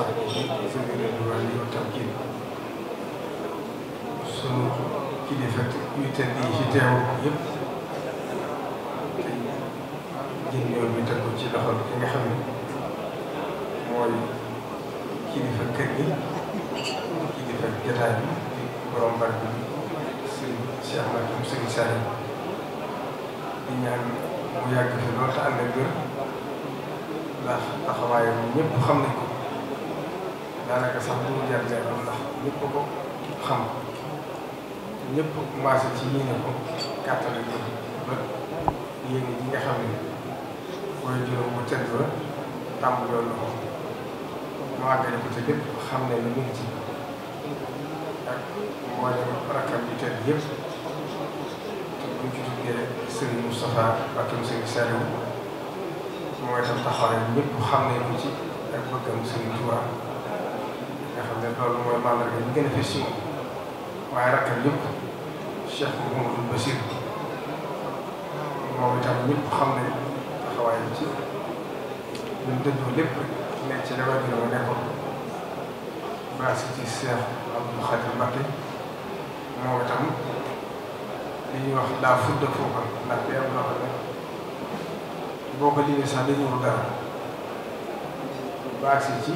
saalihiin sabila al-birri yu tedd yi ci teew yëpp jën yoon bi tegu ci loxol ki nga xam ne mooy kilifa kër gi kilifa jotaay bi borom bar bi sëñ Cheikh Makhtar sëñ Saliou di ñaan mu yàgg fi lool te ànd ak wér ndax taxawaayam ñëpp xam nañ daanaka sax duñu jar leeral ndax ñëpp ko xam ñëpp commencé ci yéene ko kàttan ak yéen ba yéene ji nga xam ne mooy juróom bu tedd ba tàmbaloo na ko mu àggale ko te lépp xam ne ni mu ngi ci ak mboolem rakkam yu tedd yëpp te bu ñu ci tuddee Serigne xam ne ko ci ak bëggam Serigne Touba nga xam ne loolu mooy mandarga yi gën a fës ci moom waaye rakkam yëpp Cheikh Mouhamadou Bassir moom itam ñëpp xam nañ taxawaayam ci ñun dëddoo lépp nekk ci dafay gën a nekkoon baasi ci Cheikh Abdou Khadir Mbacké moom itam li ñuy wax daa fudd foofa ndax day am loo xam ne boo ko liggéey sax dañu dara baasi ci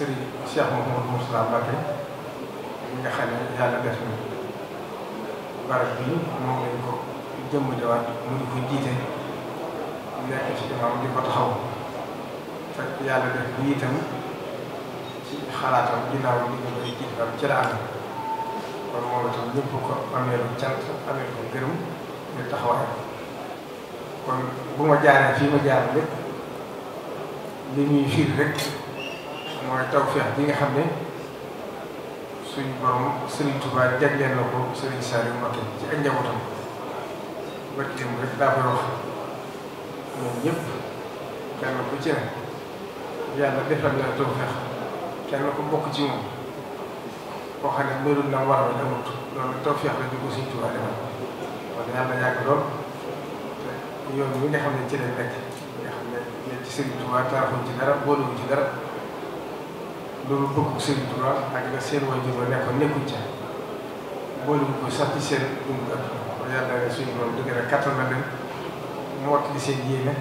Serigne Cheikh Mouhamadou Moustapha Mbacké mi nga xam ne yàlla def na barab bi moom lañ ko jëmm jawaat mu di ko jiite nekk ci imaam di ko taxaw te la am kon ko amee lu cant amee ko gërëm ñu taxawaay kon bu ma jaaree fii ma jaar lépp li ñuy firi rek. mooy tawfeex bi nga xam ne suñu borom Serigne Touba jagleel na ko Serigne Saliou Mbacké ci ak njabootam bët yi rek daa koy wax ñoom ñëpp kenn ku ci ne yàlla defal na tawfeex kenn ku bokk ci moom koo xam ne mbirum na war a amut loolu tawfeex la dugg Serigne Touba defal kon yàlla yàgg lool yoon wi nga xam ne ci lañ nekk nga xam ne ci Serigne Touba taaraxuñ ci ci dara. loolu bëgg Sëriñ Tuubaa ak la seen waajur ba nekkoon nekkuñ ca boole ñu ko sax ci seen dund ak yàlla suñu borom dëgg la kattan na leen mu wat li seen yéene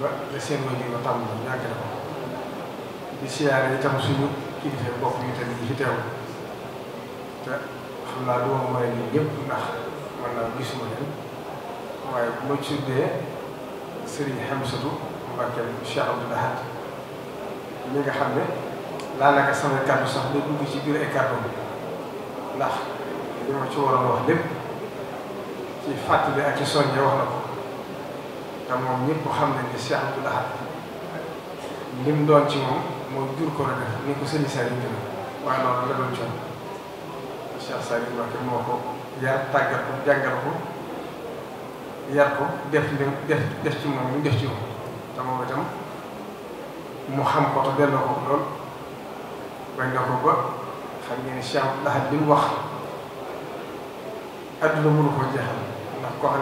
ba la seen waajur ba tàmbali yàgg na ko di siyaare itam suñu kilifa bopp yi tamit ñu fi teew te xam naa du ma a nii ñëpp ndax man naa gisuma leen waaye bu ma tuddee Sëriñ Hamsatu Mbàkke Cheikh Abdou Lahad ñi nga xam ne daanaka sama kàddu sax day dugg ci biir ay kàddu ndax li ma ci waroon wax lépp ci fàttali ak ci soññe wax na ko te moom ñëpp xam ne Cheikh Abdou Lahad li ko la doon coono Cheikh Saliou Mbacké moo ko yar tàggat ko jàngal ko yar ko def def def ci moom ñu def ci moom te moom itam mu xam ko te delloo ko lool. bañ na ko li mu wax adduna mënu ko jeexal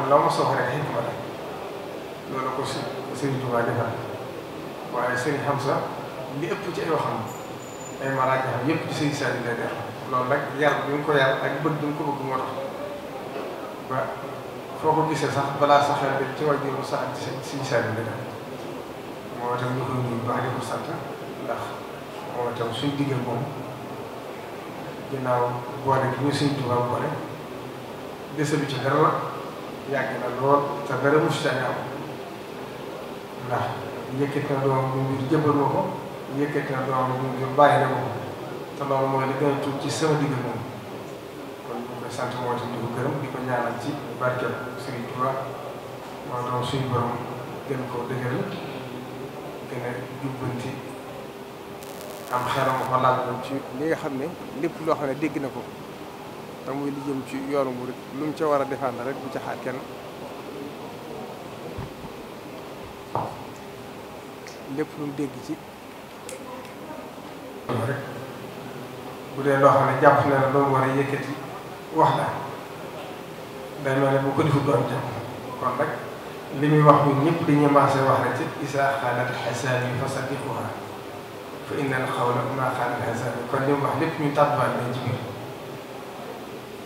loolu ko si Serigne Touba defal waaye Serigne Hamza li ëpp ci ay waxam ay maraaj xam yëpp ci Serigne Saliou lay nag yar bi ko yar ak bëgg bi moo tax ba foo balaa sax la ci wàllu baax di ko sant. itam suñ diggante moom ginnaaw boole gi ñu Sëriñ Tuubaa boole dese bi ci dara yàgg na lool te dara musu ca ñaaw ndax yëkkati na doom bu ngir jëbbal ma ko yëkkati na doom bu ngir bàyyi na ma te loolu mooy li gën a tuut ci sama diggante moom kon ñu koy sant moo di ko gërëm di ko ñaanal ci barkeel Sëriñ Tuubaa moo doon suñu borom gën koo dëgëral gën a jubbanti am xelam ko laajaloon ci li nga xam ne lépp loo xam ne dégg na ko te muy li ci yoonu murid lu mu ca war a defaan rek bu ca xaar kenn. lépp lu mu dégg ci. bu dee loo xam ne jàpp na ne loolu war a yëkkati wax la day mel ne bu ko defu doon jàpp kon rek li muy wax ñun ñëpp dañuy maasee wax rek ci isa xaalat xasaan yi fa sadiquha fa innal xawla maa xalal insaan kon li mu wax lépp ñu tàbbaal lañ ci biir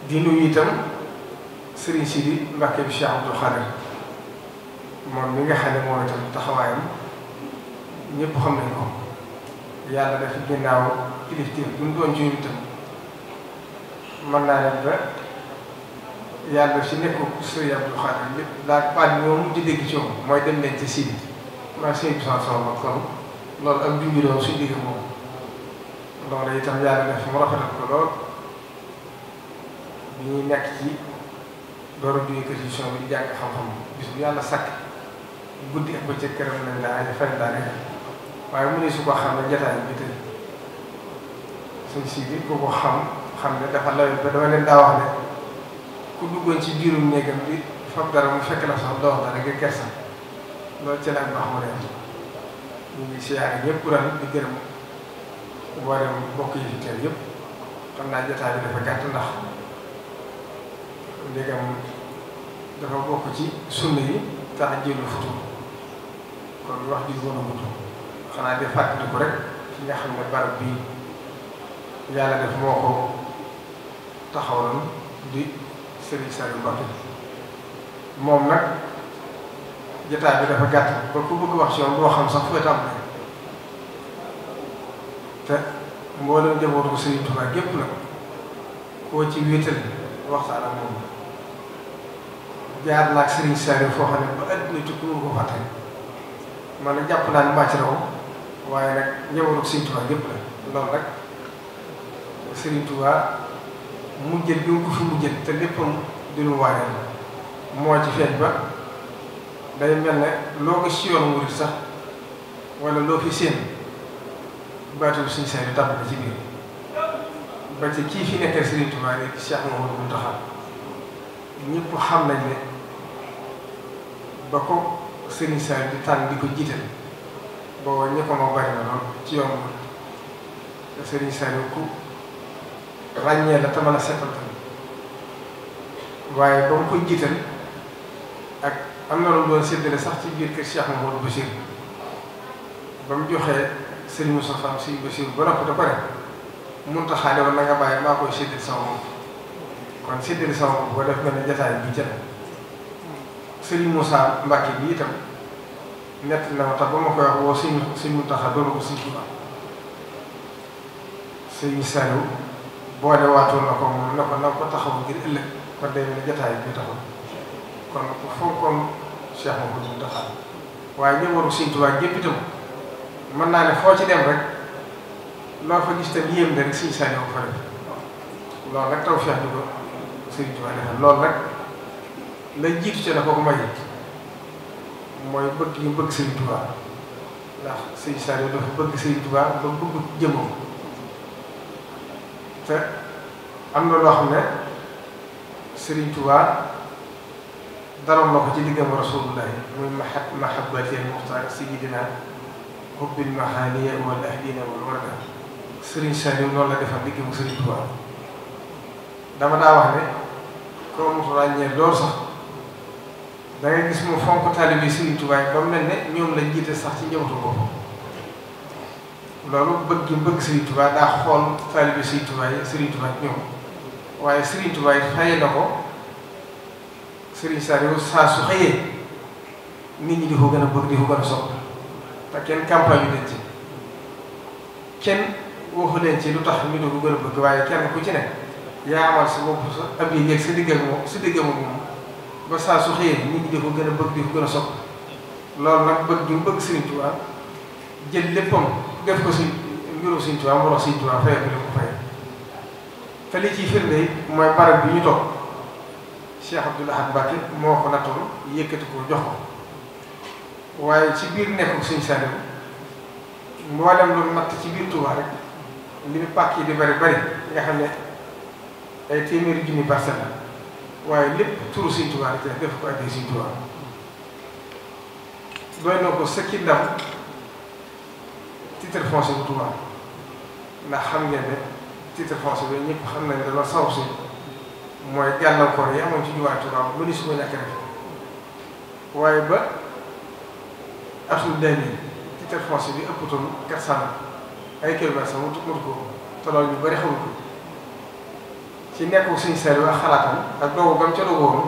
di nuyu itam Serigne Sidi Mbacke bi Cheikh Abdou moom mi nga xam ne moo itam taxawaayam ñëpp xam nañ ko yàlla def ginnaaw kilifteef bu ñu doon ci ñun itam naa leen ba yàlla si nekkul Serigne Abdou Khadir lépp laaj baat di dégg ci moom mooy dem leen ci Sidi maa ngi sëñ bi sama loolu ak junj doon suñu digg moom loolu itam yàlla def mu rafetal ko lool bi ñuy nekk ci door a jógee kër si bi di jàng xam-xam bis bu yàlla sakk guddi ak bëccëg këram mu ne su ko xam ne jotaay bi tey suñ si bi ku xam xam ne dafa lawet ba dama leen daa wax ne ku ci biirum néegam bi fab dara mu fekk la sax doo wax dara nga kersa ñu ngi siyaare ñëpp ren di gërëm mboolem mbokk yi fi teew yëpp xam naa jotaay bi dafa gàtt ndax ndegam dafa bokk ci sunna yi tax jëlu futu kon wax ji gën a mutu xanaa di fàttaliku rek fi nga xam ne barab bii yàlla def moo ko taxawaloon di Serigne Saliou Mbacké moom nag. jotaay bi dafa gàtt ba ku bëgg wax ci yow doo xam sax fu tam te mboolem jabootu ko Sëriñ Tuubaa gépp la koo ci wéetal waxtaan ak moom foo xam ne ba na jàpp naa ne maa ci raw waaye nag jabootu ko Sëriñ Tuubaa gépp la loolu rek Sëriñ Tuubaa mu jël bi mu fi mu te léppam di lu waajal moo ci feet ba day mel na loo ko si yoon wurit sax wala loo fi séen baatu suñu seer ci biir ba ci kii fi xam nañ ne ba ko Serigne Sall di tànn di ko jiital booba ñëpp a ma bari na lool ci yoon bi seen Serigne Sall ku ràññee la te mën a setal tamit waaye ba mu ko jiital. am na lu doon séddale sax ci biir kër Cheikh Mouhamadou Bachir ba mu joxee ba noppi da a xaale wala nga bàyyi maa koy séddale sama bopp kon séddale sama bopp ba def bi jot sëriñ Moussa Mbacke bi itam na tax ba ma koy ko na ko moom na ko na ko taxaw ngir ëllëg kon day mel ne jotaay bi taxaw. kon ku fonkoon Cheikh Mouhamadou Mountakha waaye ñëwoon Sëriñ Tuubaa ñëpp itam mën naa ne foo ci dem rek loo fa gis tam yéem na rek Sëriñ Saliou ko fa def loolu rek taw Cheikh ñu ko Sëriñ Tuubaa defal loolu rek la jiitu ci la ko ko maye mooy bëgg yi bëgg dafa bëgg Sëriñ Tuubaa ba bëgg jëmmam te am na loo xam ne Sëriñ Tuubaa danoon na ko ci diggam rasulullahi muy mahabbati al muxtaar sayidina hubbil mahaniya wal ahdina wal warda noonu la defal diggam sëriñ Tuubaa dama daa wax ne koo mu ràññee lool sax da gis mu fonk taalibe sëriñ Tuubaa yi ne ñoom la jiite sax ci njabootu boppam loolu bëgg gi bëgg sëriñ Tuubaa daa xool taalibe sëriñ Tuubaa yi sëriñ ñoom waaye sëriñ Tuubaa yi fay na ko Serigne Saliou saa su xëyee nit ñi di ko gën a bëgg di ko gën a te kenn campagne leen ci kenn waxu leen ci lu tax ñu di ko gën bëgg waaye kenn ku ci ne yaa amal sa bopp sa ab yéeg sa digg ak moom sa digg moom ba saa su xëyee nit ñi di ko gën a bëgg di ko gën a sopp loolu nag bëgg du bëgg Serigne Touba jël léppam def ko si mbirum Serigne Touba mu wax Serigne Touba fayal ko li ko fayal te li ciy firnde mooy barab bi ñu toog. Cheikh Abdoul Ahad Mbacké moo ko nattoon yëkkati ko jox waaye ci biir nekkul suñu sarew mboolem loolu natt ci biir Touba rek li mu pàcc yi di bari bari nga xam ne ay téeméeri junni parcelle waaye lépp turu suñu Touba rek def ko addee suñu Touba doy na ko sëkki ndam titre foncier bu Touba ndax xam ngeen ne titre foncier bi ñëpp xam nañ ne dafa saw si mooy gàllankoor yi amoon ci jumaa Tuubaa lu ni su ko ñàkk def waaye ba atum deux mille titre foncier bi ëppatoon quatre cent ay kilomètres sax mu tudd ko te loolu ñu bëri ci nekku si seer bi ak xalaatam ak doogu gam ca doogoon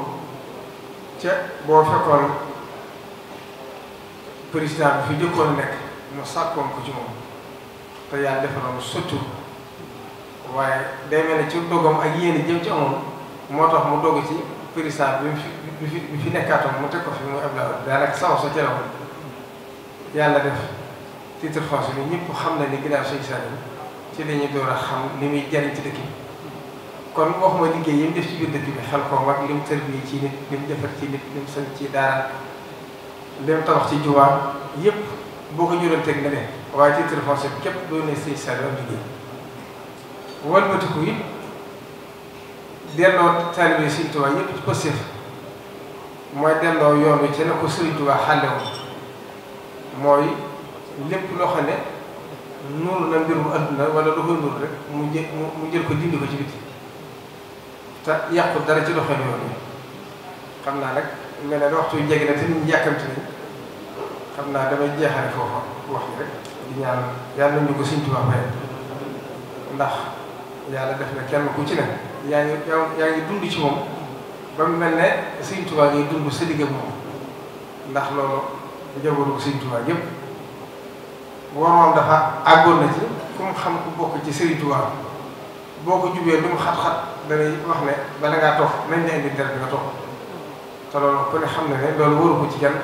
ca boo fekkoon président bi fi jëkkoon nekk mu sàkkoon ko ci moom te yàlla defaloon sottu waaye day mel ne ci dogam ak yéen jëm ci amoon moo tax mu doog ci président bi mu fi bi fi bi fi nekkaatoon mu teg ko fi mu Abdoulaye daanaka sama sa jëloon yàlla def titre foncier bi ñëpp xam na ni ginnaaw Sëñ Saliou ci la ñuy door a xam li muy jariñ ci dëkk bi kon waxuma liggéey yi mu def ci biir dëkk bi xel ko war li mu tër bi ci nit li mu defar ci nit li mu sañ ci daara li mu tabax ci juwaa yëpp boo ko jural teg na ne waaye titre foncier bi képp doo ne Sëñ Saliou liggéey walbatiku delloo taalibe Sëriñ Tuubaa yëpp ci pëstéef mooy delloo yoon wi ci na ko Sëriñ Tuubaa xàlle woon mooy lépp loo ne nuuru na mbir mu àdduna wala lu koy rek mu jë mu jël ko dindi ko ci biti te yàqu dara ci doxalin yoon xam naa nag mel na waxtu jege na te nit yàkkamti nañ xam naa damay jeexale foofa wax yi rek di ñaan yàlla ñu ko Sëriñ Tuubaa fayal ndax yàlla def na kenn ku ci ne. yaa ngi yaa ngi dund ci moom ba mu mel ne Sëriñ Tuubaa ngay dund sa digg moom ndax loolu njabootu ko Sëriñ Tuubaa waroon dafa àggoon na ci ku mu xam ku bokk ci Sëriñ Tuubaa boo ko jubee lu mu xat-xat danay wax ne bala ngaa toog nañ la indi dara nga toog te loolu ku ne xam na ne loolu waru ko ci kenn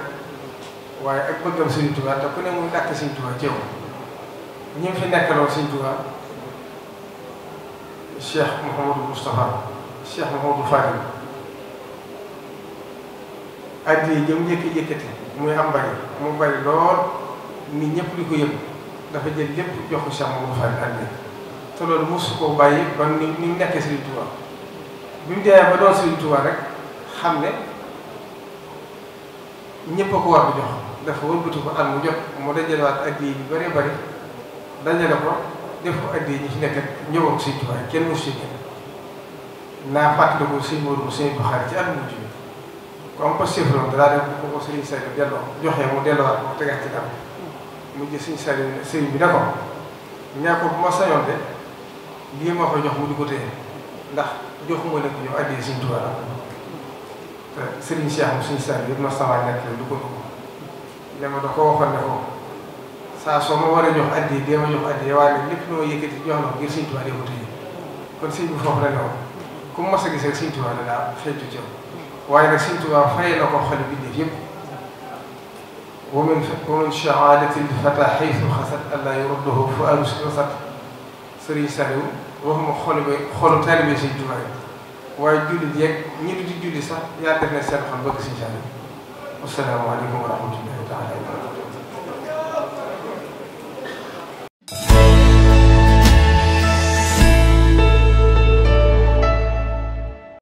waaye ak bëggam Sëriñ Tuubaa te ku ne muy dàkk Sëriñ Tuubaa ci yow ñi fi nekkaloon Sëriñ Tuubaa Cheikh Mouhamadou Moustapha Cheikh Mouhamadou Fadil addi jëm yëkk yëkkati muy am bari mu bari lool nit ñëpp di ko yëpp dafa jël lépp jox ko Cheikh Mouhamadou Fadil addi te loolu mosu koo bàyyi ba ni ni nekkee Serigne Touba bi mu dee ba doon Serigne Touba rek xam ne ñëpp a ko war a jox dafa wëlbati ko at mu jot mu dajalewaat addi yi yu bëree dajale ko def ko addi yi ñu ci nekkat ñëwoon Sëñ Tuubaa kenn mu si génn naa fàttaliku sëñ Moodu sëñ Buxaari ci at mu jub comme que chef la danaa dem ko sëñ Saliou delloo joxe mu mu jël sëñ Saliou sëñ bi ne ko ñaa ko bu ma sañoon de lii ma ko jox mu di ko téye ndax joxuma la ko ñëw addee Sëñ Tuubaa te Serigne Cheikh mu sëñ Saliou yëpp ma sama nekk la ko dugg. léegi ne ko. saa soo ma war a jox addi dee ma jox addi waaye nag lépp loo yëkkati jox na ko ngir Sëñ Tuubaa ko tëjee kon sëñ bi foofu la ne woon ku mu mos a gisee Sëñ Tuubaa la daa xeetu ci waaye nag Sëñ Tuubaa fay na ko xale bi def yëpp wa min wa min shahaadati l-fataa haysu xasat allaa yurudduhu fuaadu sat sëriñ Saliou waxuma xol ba xolu taalibe Sëñ Tuubaa waaye jullit yeeg ñi du di julli sax yaa def ne seen xol bëgg Sëñ Saliou wasalaamaaleykum wa rahmatullahi taala